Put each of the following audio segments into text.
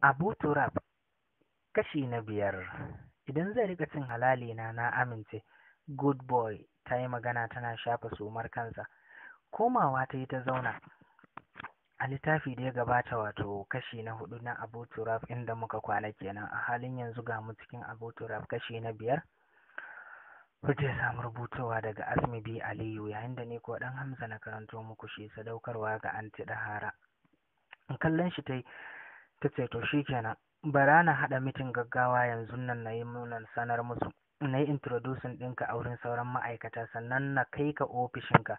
Abu Turab kashi na biyar idan zai rika cin halali na na amince good boy ta yi magana tana shafa sumar kansa komawa ta yi ta zauna a littafi da ya gabata wato kashi na hudu na Abu Turab inda muka kwana kenan a halin yanzu ga mu cikin Abu Turab kashi na biyar Kuce samu rubutowa daga Asmi B Aliyu yayin da ni ko dan Hamza na karanto muku shi sadaukarwa ga Anti Dahara. Kallon shi ta yi ta ce to shi kenan bara na haɗa mitin gaggawa yanzu nan na yi munan sanar musu na yi introducing ɗinka a wurin sauran ma'aikata sannan na kai ka ofishinka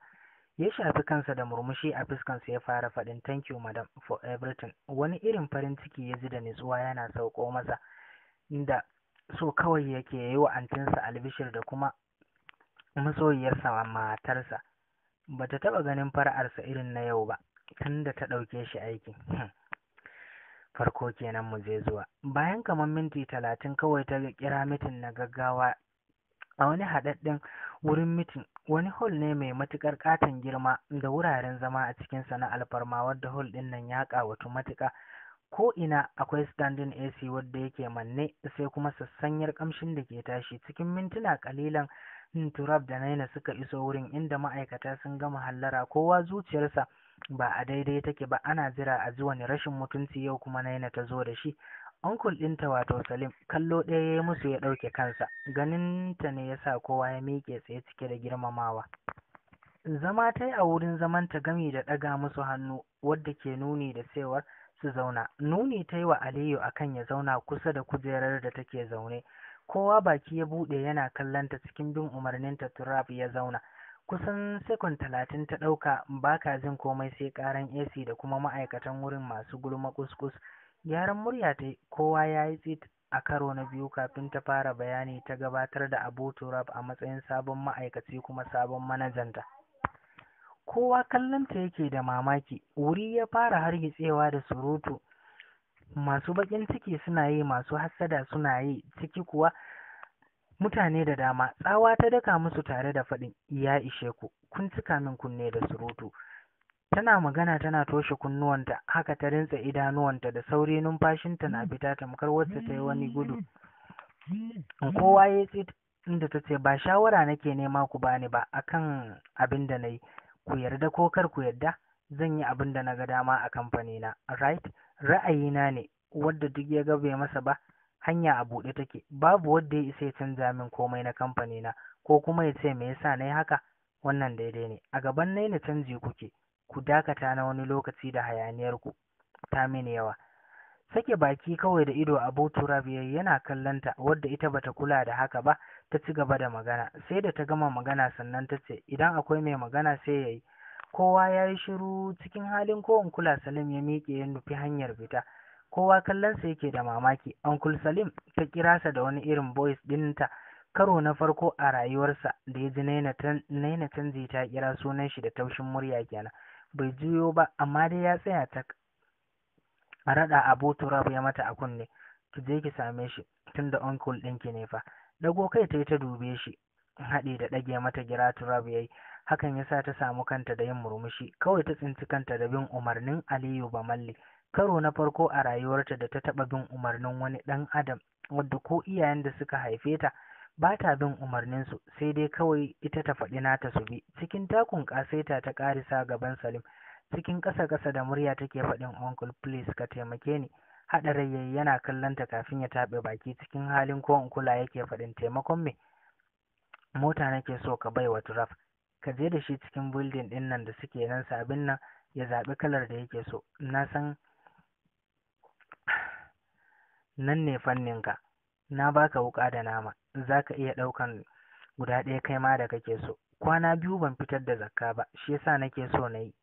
ya shafi kansa da murmushi a fuskansa ya fara faɗin thank you madam for everything wani irin farin ciki ya ji da nutsuwa yana sauko masa da so kawai yake yi wa antinsa albishir da kuma masoyiyarsa matarsa ba ta taɓa ganin fara'arsa irin na yau ba tun da ta ɗauke shi aiki hmm. farko kenan mu je zuwa bayan kamar minti talatin kawai ta kira mitin na gaggawa a wani haɗaɗɗen wurin mitin wani hall ne mai matuƙar ƙaton girma da wuraren zama a cikin sana alfarma wadda hall ɗin nan ya ƙawatu matuƙa ko ina akwai standing AC wadda yake manne sai kuma sassanyar ƙamshin da ke tashi cikin mintuna ƙalilan turab da naina suka iso wurin inda ma'aikata sun gama hallara kowa zuciyarsa ba a daidai take ba ana jira a ji wani rashin mutunci yau kuma Naina ta zo da shi Onkul ɗinta wato Salim kallo ɗaya ya musu ya ɗauke kansa, ganin ta ne ya sa kowa ya miƙe tsaye cike da girmamawa. Zama ta yi a wurin zaman ta gami da ɗaga musu hannu wadda ke nuni da cewar su zauna. Nuni ta yi wa Aliyu akan ya zauna kusa da kujerar da take zaune. Kowa baki ya buɗe yana kallon cikin bin umarninta Turab ya zauna. kusan sekon talatin ta ɗauka ba ka jin komai sai ƙaran ac da kuma ma'aikatan wurin masu gulma kuskus gyaran murya ta kowa ya yi tsit a karo na biyu kafin ta fara bayani ta gabatar da abu turab a matsayin sabon ma'aikaci kuma sabon manajanta kowa kallonta yake da mamaki wuri ya fara hargitsewa da surutu masu baƙin ciki suna yi masu hassada suna yi ciki kuwa mutane da dama tsawa ta daka musu tare da faɗin ya ishe ku kun cika min kunne da surutu tana magana tana toshe kunnuwanta haka ta rinsa idanuwanta da sauri numfashinta na fita tamkar wacce ta yi wani gudu kowa ya tsit inda ta ce ba shawara nake nema ku bani ba akan abin da na yi ku yarda ko kar ku yarda zan yi abin da na ga dama a kamfanina right ra'ayina ne wadda duk ya ga masa ba hanya a buɗe take babu wanda ya isa ya canza min komai na kamfani na ko kuma ya ce me yasa nayi haka wannan daidai ne a gaban nai na canji kuke ku dakata na wani lokaci da hayaniyar ku ta mini yawa sake baki kawai da ido a abu turabiyar yana kallonta wadda ita bata kula da haka ba ta ci gaba da magana sai da ta gama magana sannan ta ce idan akwai mai magana sai ya yi kowa ya yi shiru cikin halin kowan kula salim ya miƙe ya nufi hanyar fita kowa kallonsa yake da mamaki uncle salim ta kira sa da wani irin boys ta karo na farko a rayuwarsa da ya ji naina canji ta kira sunan shi da taushin murya kenan bai juyo ba amma dai ya tsaya ta raɗa abu turab ya mata a kunne ki je ki same shi tunda uncle ɗinki ne fa dago kai ta yi ta dube shi haɗe da ɗage mata gira turab ya yi hakan ya sa ta samu kanta da yin murmushi kawai ta tsinci kanta da bin umarnin aliyu ba malli karo na farko a rayuwarta da ta taɓa bin umarnin wani ɗan adam wadda ko iyayen da suka haife ta ba ta bin umarninsu sai dai kawai ita ta faɗi nata su bi cikin takun ƙasaita ta ƙarisa gaban salim cikin ƙasa ƙasa da murya take faɗin uncle please ka taimake ni haɗa rayayi yana kallon ta kafin ya taɓe baki cikin halin ko in kula yake faɗin taimakon me mota nake so ka bai wa turaf ka je da shi cikin building ɗin nan da suke nan sabin nan ya zaɓi kalar da yake so na san nan ne fanninka na baka wuƙa da nama za ka iya ɗaukan guda ɗaya kai ma da kake so kwana biyu ban fitar da zakka ba shi yasa nake so na yi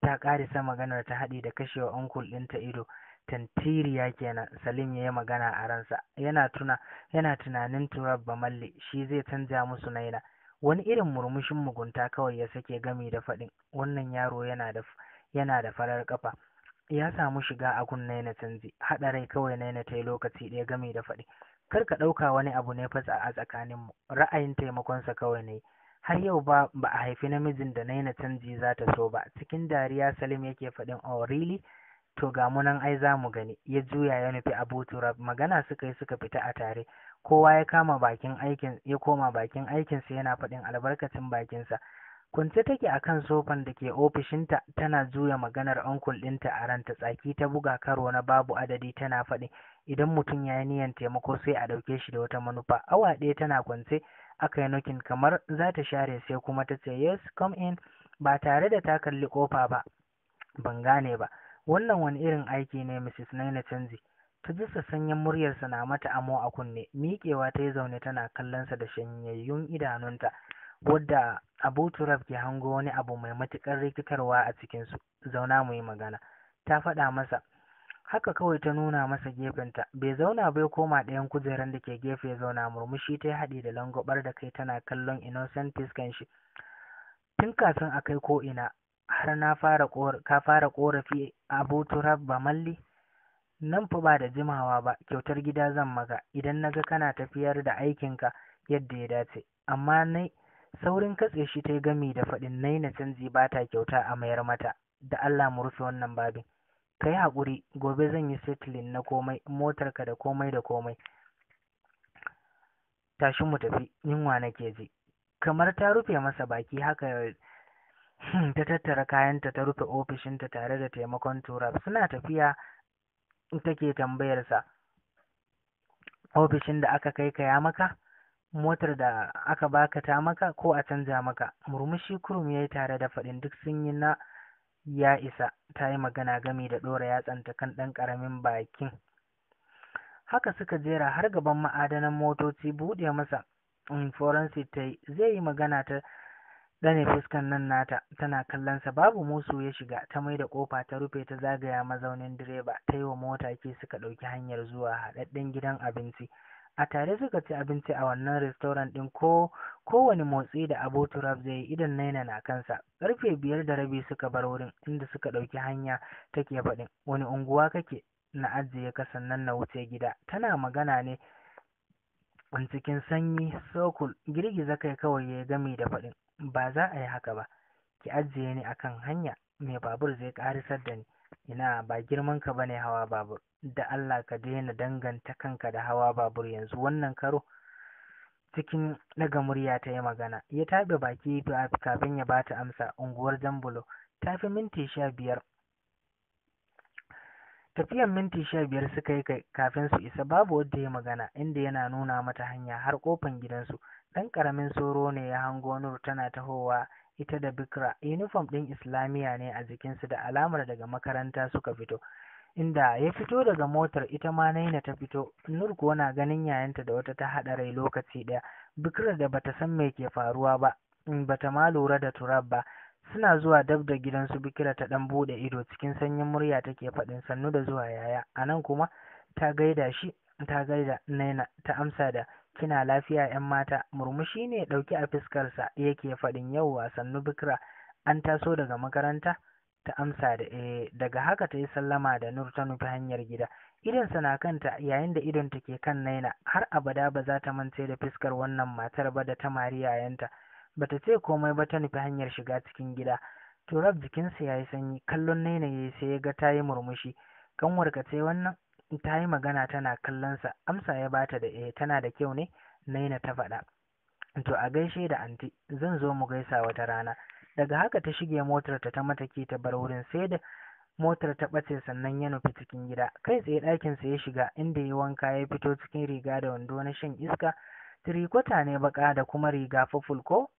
ta ƙarisa maganar ta haɗi da kashewa ɗin ɗinta ido tantiriya kenan salim ya yi magana a ransa yana tuna yana tunanin turab malli shi zai canja musu naina wani irin murmushin mugunta kawai ya sake gami da faɗin wannan yaro yana da yana da farar kafa ya samu shiga a kunne na Canji, haɗa rai kawai Naina ta yi lokaci ɗaya gami da faɗi. Kar ka ɗauka wani abu ne fasa a tsakaninmu, ra'ayin taimakonsa kawai ne. Har yau ba ba a haifi namijin da Naina Canji za ta so ba, cikin dariya Salim yake faɗin oh really? To ga mu nan ai za mu gani, ya juya ya nufi Abu Turab, magana suka yi suka fita a tare, kowa ya kama bakin aikin ya koma bakin aikinsa yana faɗin albarkacin bakinsa. Kwance take a kan sofan da ke ofishinta tana juya maganar ankul ɗinta a ranta tsaki ta buga karo na babu adadi tana faɗi idan mutum ya yi niyan taimako sai a ɗauke shi da wata manufa. Awa ɗaya tana kwance aka yi nokin kamar za ta share sai kuma ta ce yes come in ba tare da ta kalli kofa ba. Ban gane ba. Wannan wani irin aiki ne Mrs. Naina canji. ta ji sanyin muryarsa na mata amo a kunne miƙewa ta yi zaune tana kallonsa da shanyayyun idanunta wadda Abu turaf ke hango wani abu mai matuƙar rikitarwa a cikinsu, zauna mu yi magana, ta faɗa masa. Haka kawai ta nuna masa gefenta, bai zauna bai koma ɗayan kujerar da ke gefe zauna murmushi ta haɗi da langobar da kai tana kallon innocent fiskan shi. Tun kafin a kai ko'ina, har na fara ka fara ƙorafi Abu turaf ba malli? Nan fa ba da jimawa ba, kyautar gida zan maka, idan na ga kana tafiyar da aikinka yadda ya dace, amma nai. saurin katse shi ta yi gami da faɗin naina canji ba ta kyauta a mayar mata da Allah mu rufe wannan babin ka yi haƙuri gobe zan yi settling na komai motarka da komai da komai tashi mu tafi yunwa nake ji kamar ta rufe masa baki haka hmm, ta tattara kayanta ta rufe ofishinta tare da taimakon turab suna tafiya take tambayarsa ofishin da aka kai ka ya maka motar da aka baka ta maka ko a canza maka murmushi kurum ya yi tare da faɗin duk sun yi na ya isa ta yi magana gami da ɗora yatsanta kan ɗan ƙaramin bakin haka suka jera har gaban ma'adanan motoci buɗe masa forensic ta yi zai yi magana ta ɗane fuskan nan nata tana kallonsa babu musu ya shiga ta mai da ƙofa ta rufe ta zagaya mazaunin direba ta yi wa mota ke suka ɗauki hanyar zuwa haɗaɗɗen gidan abinci a tare suka ci abinci a wannan restaurant ɗin ko kowane motsi da abu turab zai yi idan naina na kansa karfe biyar da rabi suka bar wurin inda suka ɗauki hanya ta ke faɗin wani unguwa kake na ajiye ka sannan na wuce gida tana magana ne cikin sanyi sokul girgiza kai kawai ya gami da faɗin ba za a yi haka ba ki ajiye ni akan hanya mai babur zai ƙarisar da ni ina ba girman ka bane hawa babur da Allah ka daina danganta kanka da hawa babur yanzu wannan karo cikin daga murya ta yi magana ya taɓe baki kafin ya bata amsa unguwar jambulo ta fi minti sha biyar tafiyan minti sha biyar suka yi kafin su isa babu wadda ya magana inda yana nuna mata hanya har kofan gidansu ɗan ƙaramin tsoro ne ya hango nur tana tahowa ita da bikra Inifom ɗin islamiyya ne a jikinsu da alamar daga makaranta suka fito inda ya fito daga motar ita ma naina ta fito nur kuwa na ganin yayanta da wata ta haɗa rai lokaci ɗaya bikira da bata san me ke faruwa ba mm, bata ma lura da turab ba suna zuwa dab da gidansu bikira ta ɗan buɗe ido cikin sanyin murya take faɗin sannu da zuwa yaya a nan kuma ta gaida shi ta gaida naina ta amsa da kina lafiya yan mata murmushi ne ɗauki a fuskarsa yake faɗin yauwa sannu bikira an taso daga makaranta ta amsa da eh daga haka ta yi sallama da Nur ta nufi hanyar gida idonsa na kanta yayin da idonta ke kan Naina har abada ba za ta mance da fiskar wannan matar ba da ta mari yayanta ta ce komai ba ta nufi hanyar shiga cikin gida To turab jikinsa ya yi sanyi kallon Naina ya yi sai ya ga ta yi murmushi ka ce wannan ta yi magana tana kallon sa. amsa ya bata da eh tana da kyau ne Naina ta faɗa to a gaishe da anti zan zo mu gaisa wata rana daga haka ta shige motarta ta mataki ta bar wurin sai da motar ta ɓace sannan ya nufi cikin gida kai tsaye ɗakinsa ya shiga inda ya wanka ya fito cikin riga da wando na shan iska tirikota ne baka da kuma riga fuful ko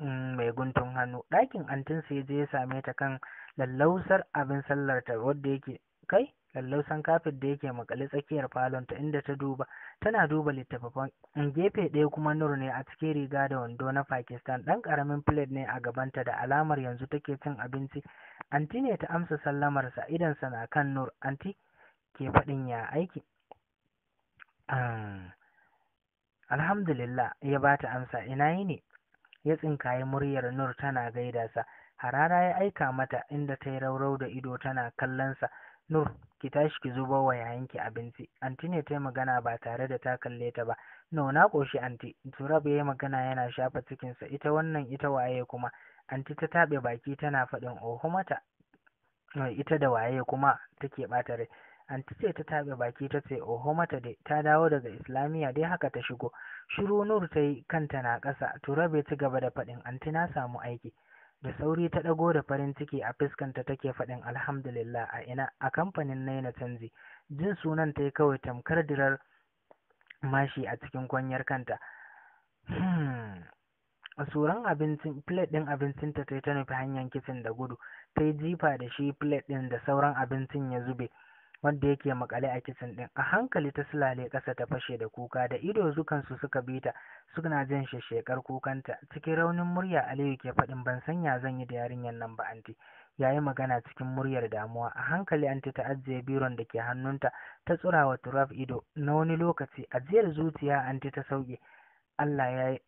mm, mai guntun hannu ɗakin antinsa ya je ya same ta kan lallausar abin sallar ta wadda yake kai lallausan sankafin da yake makale tsakiyar falon ta inda ta duba tana duba littattafan gefe ɗaya kuma nur ne a cikin riga da wando na pakistan ɗan ƙaramin plate ne a gabanta da alamar yanzu take cin abinci anti ne ta amsa sallamarsa idan sana kan nur anti ke faɗin ya aiki ah, alhamdulillah ya ba ta amsa ina yi ne ya tsinkaye muryar nur tana gaida sa harara ya aika mata inda ta yi raurau da ido tana kallonsa nur ki tashi ki zubo wa yayanki abinci anti ne ta yi magana ba tare da ta kalle ta ba no na ƙoshi anti turab ya yi magana yana shafa cikinsa ita wannan ita waye kuma anti ta taɓe baki tana faɗin oho mata ita da waye kuma take ɓata rai anti ce ta taɓe baki ta ce oho mata dai ta dawo daga islamiyya dai haka ta shigo shiru nur ta yi kanta na ƙasa Turab ya ci gaba da faɗin anti na samu aiki Da sauri ta ɗago da farin ciki a fuskanta take faɗin alhamdulillah a ina a kamfanin Naina Canji. Jin sunan ta yi kawai tamkar dirar mashi a cikin kwanyar kanta. Hmm. Suran abincin plate ɗin abincin ta yi ta nufi hanyar kicin da gudu, ta yi jifa da shi plate ɗin da sauran abincin ya zube. wanda yake makale a kicin ɗin a hankali ta sulale ƙasa ta fashe da kuka da ido zukansu suka bi ta suna jin shekar kukanta cikin raunin murya aliyu ke faɗin ban san ya zan yi da yarinyar nan ba anti ya magana cikin muryar damuwa a hankali anti ta ajiye biron da ke hannunta ta tsura wa turaf ido na wani lokaci ajiyar zuciya anti ta sauke allah ya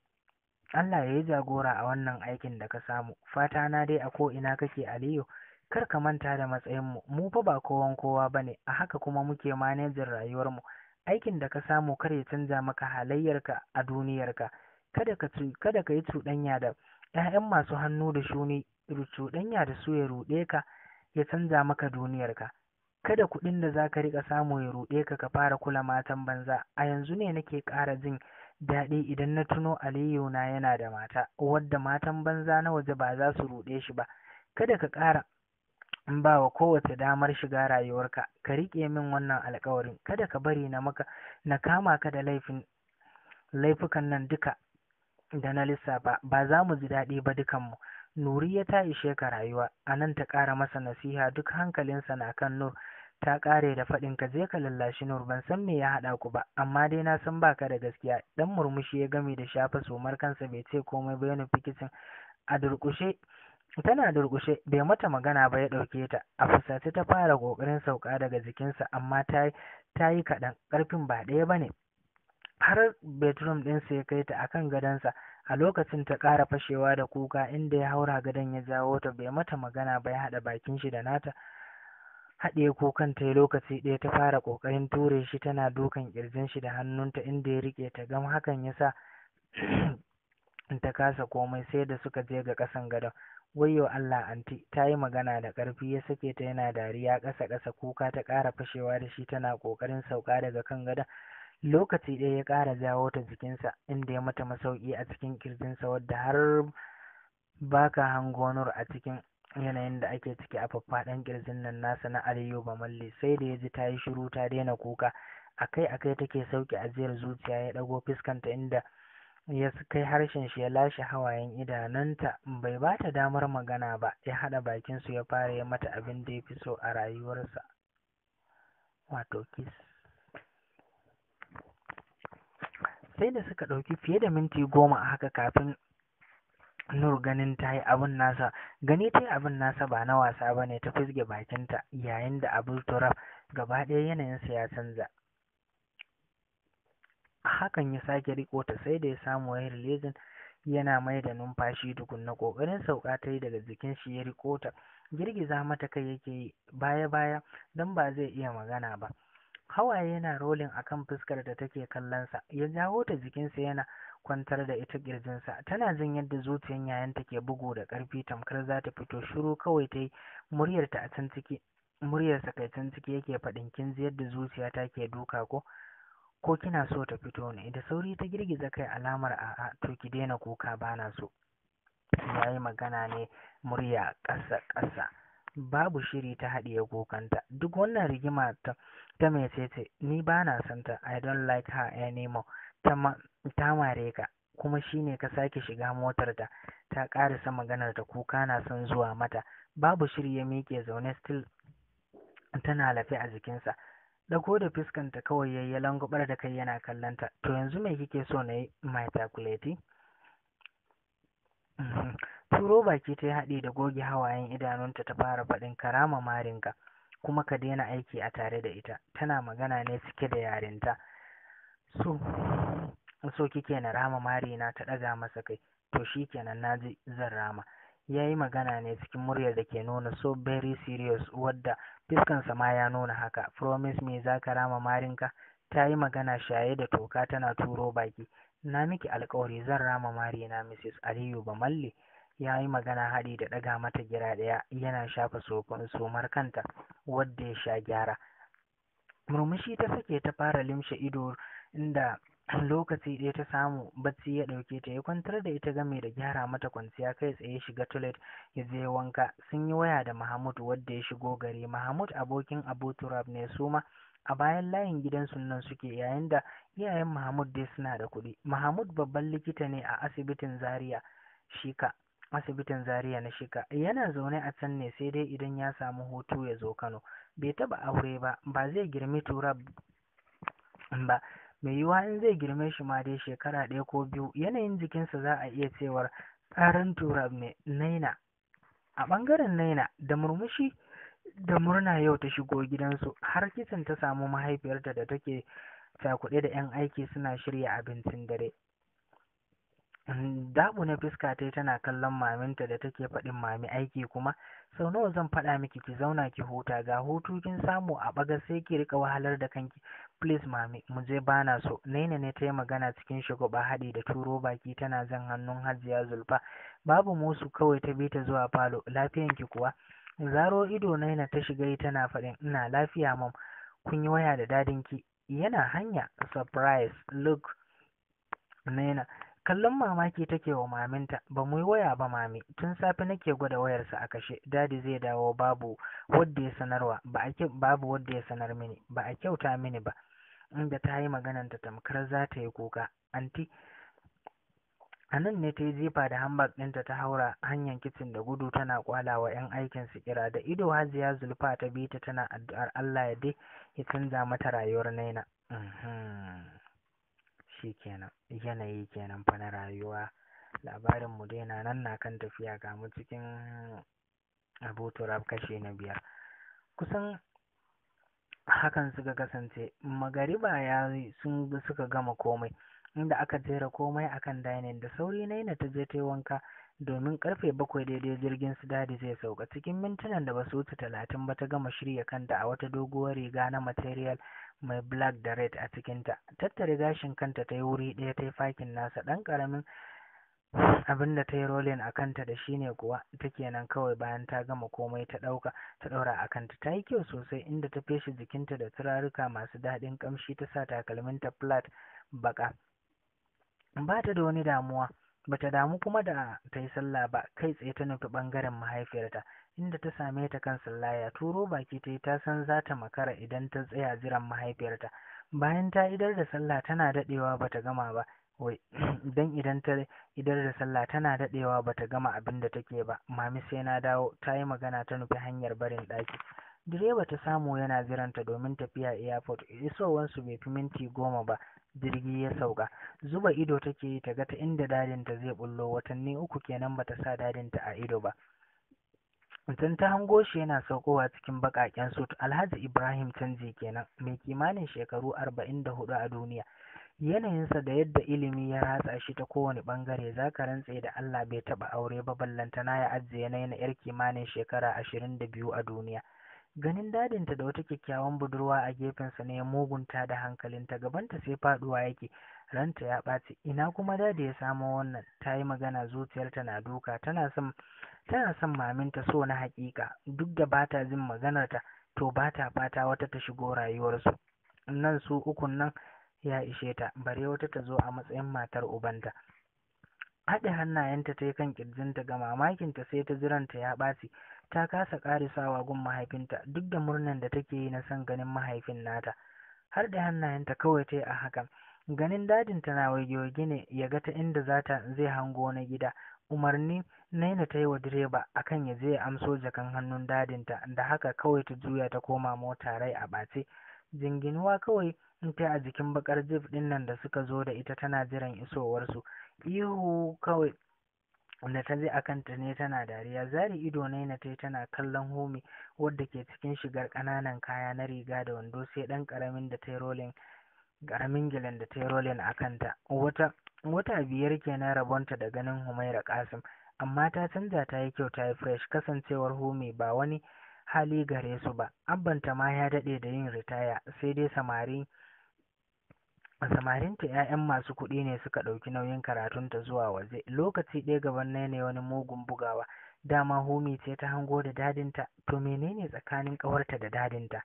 Allah ya yi jagora a wannan aikin da ka samu, fata na dai a ko ina kake Aliyu, kar ka manta da matsayinmu mu fa ba kowan kowa ba ne a haka kuma muke manejin rayuwarmu aikin da ka samu kar ya canza maka halayyarka a duniyarka kada ka kada ka yi cuɗanya da ƴaƴan masu hannu da shuni cuɗanya da su ya ruɗe ka ya canza maka duniyarka kada kuɗin da za ka riƙa samu ya ruɗe ka ka fara kula matan banza a yanzu ne nake ƙara jin daɗi idan na tuno aliyu na yana da mata wadda matan banza na waje ba za su ruɗe shi ba kada ka ƙara in ba wa kowace damar shiga rayuwarka ka riƙe min wannan alƙawarin kada ka bari na maka na kama ka da laifin laifukan nan duka da na lissafa ba za mu ji daɗi ba dukanmu nuriya ta ishe ka rayuwa a nan ta ƙara masa nasiha duk hankalinsa na kan nur ta ƙare da faɗin ka je ka lallashi nur ban san me ya haɗa ku ba amma dai na san baka da gaskiya ɗan murmushi ya gami da shafa somar kansa bai ce komai ba ya nufi a durƙushe tana durƙushe bai mata magana ba ya ɗauke ta a fusace ta fara ƙoƙarin sauka daga jikinsa amma ta yi kaɗan ƙarfin ba ɗaya ba ne har bedroom ɗinsa ya kai ta akan gadonsa a lokacin ta ƙara fashewa da kuka inda ya haura gadon ya jawo ta bai mata magana ba ya haɗa bakin shi da nata haɗe kukan ta yi lokaci ɗaya ta fara ƙoƙarin ture shi tana dukan ƙirjin shi da hannunta inda ya riƙe ta gam hakan ya sa ta kasa komai sai da suka je ga ƙasan gadon wayyo Allah anti ta yi magana da ƙarfi ya sake ta yana dariya ƙasa ƙasa kuka ta ƙara fashewa da shi tana ƙoƙarin sauka daga kan gadon lokaci ɗaya ya ƙara jawo ta jikinsa inda ya mata masauki a cikin ƙirjinsa wadda har baka hangonur a cikin yanayin da ake ciki a faffaɗan ƙirjin nan nasa na aliyu ba bamalle sai da ya ji ta yi shiru ta daina kuka akai akai take sauke ajiyar zuciya ya ɗago fuskanta inda ya kai harshen shi ya lashe hawayen idanunta bai ba ta damar magana ba ya haɗa su ya fara ya mata abin da ya fi so a rayuwarsa wato kiss sai da suka ɗauki fiye da minti goma a haka kafin nur ganin ta yi abin nasa gani ta yi abin nasa ba na wasa ba ne ta fizge bakinta yayin da abu turaf gaba ɗaya yanayinsa ya canza hakan ya sake riko ta sai da ya samu wani rilezin yana mai da numfashi tukunna kokarin sauka ta yi daga jikin shi ya riko ta girgiza mata kai yake yi baya baya don ba zai iya magana ba hawaye yana rolin kan fuskar da take kallon sa ya jawo ta jikinsa yana kwantar da ita kirjinsa tana jin yadda zuciyar yayan ke bugu da karfi tamkar za ta fito shiru kawai ta yi muryarta a can ciki muryarsa kai can ciki yake faɗin kin ji yadda zuciyata ke duka ko ko kina so ta fito ne da sauri ta girgiza kai alamar A. to ki daina kuka bana so ya yi magana ne murya ƙasa ƙasa babu shiri ta haɗiye kukanta duk wannan rigima ta ta tsetse. ni ba na son i don't like her anymore ta ta mare ka kuma shine ka sake shiga motar ta ta ƙarasa maganar ta kuka na son zuwa mata babu shiri ya miƙe zaune still tana lafe a jikinsa ko da fuskanta kawai yayi ya langubar da kai yana kallonta. To yanzu me kike so na yi my calculating? Mhm. Turo baki ta yi haɗi da goge hawayen idanunta ta fara faɗin karama marinka kuma ka daina aiki a tare da ita. Tana magana ne cike da yarinta. So, so kike na rama marina ta ɗaga masa kai. To shi kenan na ji zan rama. Ya yi magana ne cikin muryar da ke nuna so very serious wadda fiskansa ma ya nuna haka promise me za ka rama marinka ta yi magana shaye da toka tana turo baki na miki alkawari zan rama mari na mrs aliyu bamalle ya yi magana haɗi da ɗaga mata gira ɗaya yana shafa somar kanta wadda ya sha gyara murmushi ta sake ta fara limshe ido inda lokaci ɗaya ta samu bacci ya ɗauke ta ya kwantar da ita game da gyara mata kwanciya kai tsaye shiga toilet ya je wanka sun yi waya da Mahmud wadda ya shigo gari Mahmud abokin Abu Turab ne su ma a bayan layin gidan nan suke yayin da iyayen Mahmud dai suna da kuɗi Mahmud babban likita ne a asibitin Zaria Shika asibitin Zaria na Shika yana zaune a can ne sai dai idan ya samu hutu ya zo Kano bai taba aure ba ba zai girmi Turab ba mai yiwuwa in zai girme shi ma dai shekara ɗaya ko biyu yanayin jikinsa za a iya cewar tsarin tura mai naina a ɓangaren naina da murmushi da murna yau ta shigo gidansu har kicin ta samu mahaifiyarta da take cakuɗe da 'yan aiki suna shirya abincin dare mm, dabu na fuska ta tana kallon maminta da take faɗin mami aiki kuma sau nawa zan faɗa miki ki zauna ki huta ga hutu kin samu a ɓaga sai ki rika wahalar da kanki Please mami, mu je ba so. Naina ne ta yi magana cikin shagwaba haɗi da turo baki tana zan hannun Hajiya Zulfa. Babu musu kawai ta bi ta zuwa falo. ki kuwa? Zaro ido Naina ta shiga yi tana faɗin ina lafiya mam. Kun yi waya da dadinki? Yana hanya. Surprise. Look. Naina. Kallon mamaki take wa maminta, ba mu yi waya ba mami, tun safe nake gwada wayarsa a kashe, dadi zai dawo babu wadda ya sanarwa, ba a babu wadda ya sanar mini, ba a kyauta mini ba. inda ta yi magananta tamkar za ta yi kuka anti a nan ne ta yi jifa da hambak ɗinta ta haura hanyar kicin da gudu tana kwala wa 'yan aikin su kira da ido hajiya zulfa ta bi ta tana addu'ar allah ya dai ya canza mata rayuwar naina uhm. shi kenan yanayi kenan fa na rayuwa labarin mu dai na nan na kan tafiya ga mu cikin abu turab kashe na biyar kusan hakan suka kasance magariba ya yi sun suka gama komai inda aka jera komai a kan dainin da sauri naina ta je ta yi wanka domin karfe bakwai daidai jirgin su dadi zai sauka cikin mintunan da basu wuce talatin ba ta gama shirya kanta a wata doguwar riga na material mai black da red a cikinta tattare gashin kanta ta yi wuri ɗaya ta yi fakin nasa ɗan ƙaramin abin da ta yi rolling a kanta da shi ne kuwa ita nan kawai bayan ta gama komai ta ɗauka ta ɗaura a kanta ta yi kyau sosai inda ta feshe jikinta da turaruka masu daɗin ƙamshi ta sa takalminta flat baƙa. ba ta da wani damuwa ba ta damu kuma da ta yi sallah ba kai tsaye ta nufi ɓangaren mahaifiyarta inda ta same ta kan ya turo baki ta yi ta san za ta makara idan ta tsaya jiran mahaifiyarta bayan ta idar da sallah tana daɗewa ba ta gama ba wai idan ta idar da sallah tana daɗewa bata gama abin da take ba mami sai na dawo ta yi magana ta nufi hanyar barin ɗaki direba ta samu yana jiranta domin tafiya airport isowansu bai fi minti goma ba jirgi ya sauka zuba ido take yi ta ga ta inda dadinta zai bullo watanni uku kenan bata sa dadinta a ido ba Tun ta hango shi yana saukowa cikin baƙaƙen sut Alhaji Ibrahim Canji kenan mai kimanin shekaru arba'in da hudu a duniya yanayinsa da yadda ilimi ya ratsa shi ta kowane ɓangare za ka rantse da Allah bai taɓa aure ba ballantana ya ajiye na yana yar kimanin shekara ashirin da biyu a duniya. Ganin dadinta da wata kyakkyawan budurwa a gefensa ne ya mugunta da hankalinta gabanta sai faɗuwa yake ranta ya ɓaci ina kuma dadi ya samo wannan ta yi magana zuciyarta na duka tana son tana son maminta so na haƙiƙa duk da bata jin maganarta to bata fata wata ta shigo rayuwarsu nan su ukun nan ya ishe ta bare wata ta zo a matsayin matar ubanta haɗe hannayenta ta yi kan ƙirjinta ga mamakinta sai ta jiranta ya ɓaci ta kasa ƙarisawa gun mahaifinta duk da murnan da take yi na son ganin mahaifin nata har da hannayenta kawai ta yi a hakan ganin dadinta na wage ne ya ga ta inda zata zai hango na gida umarni naina ta yi wa direba akan ya je ya amso jakan hannun dadinta da haka kawai ta juya ta koma mota rai a ɓace jinginuwa kawai ta a jikin bakar jif ɗinnan nan da suka zo da ita tana jiran isowarsu ihu kawai da ta je a kanta ne tana dariya zari ido ne na tai tana kallon homi wadda ke cikin shigar ƙananan kaya na riga da wando sai ɗan ƙaramin da ta rolling ƙaramin gilan da ta rolling a kanta wata wata biyar kenan rabonta da ganin humaira kasim amma ta canza ta yi kyau ta yi fresh kasancewar homi ba wani hali gare su ba ta ma ya daɗe da yin ritaya sai dai samari Masamarinta 'ya'yan masu kuɗi ne suka ɗauki nauyin karatunta zuwa waje lokaci ɗaya gaban na ne wani mugun bugawa dama homi ce ta hango da dadinta to menene tsakanin ƙawarta da dadinta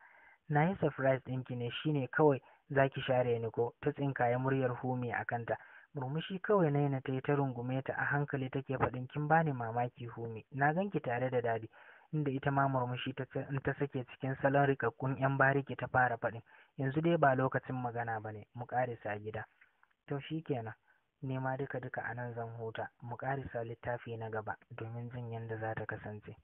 na yi surprise ɗinki ne shine kawai zaki share ni ko ta tsinka ya muryar homi a kanta murmushi kawai na tayi ta yi ta rungume ta a hankali take faɗin kin bani mamaki homi na ganki tare da dadi inda ita ma murmushi ta sake cikin salon rikakkun 'yan bariki ta fara faɗin yanzu dai ba lokacin magana ba ne mu ƙarisa gida to shi kenan nema duka-duka a nan zan huta mu ƙarisa littafi na gaba domin jin yadda za ta kasance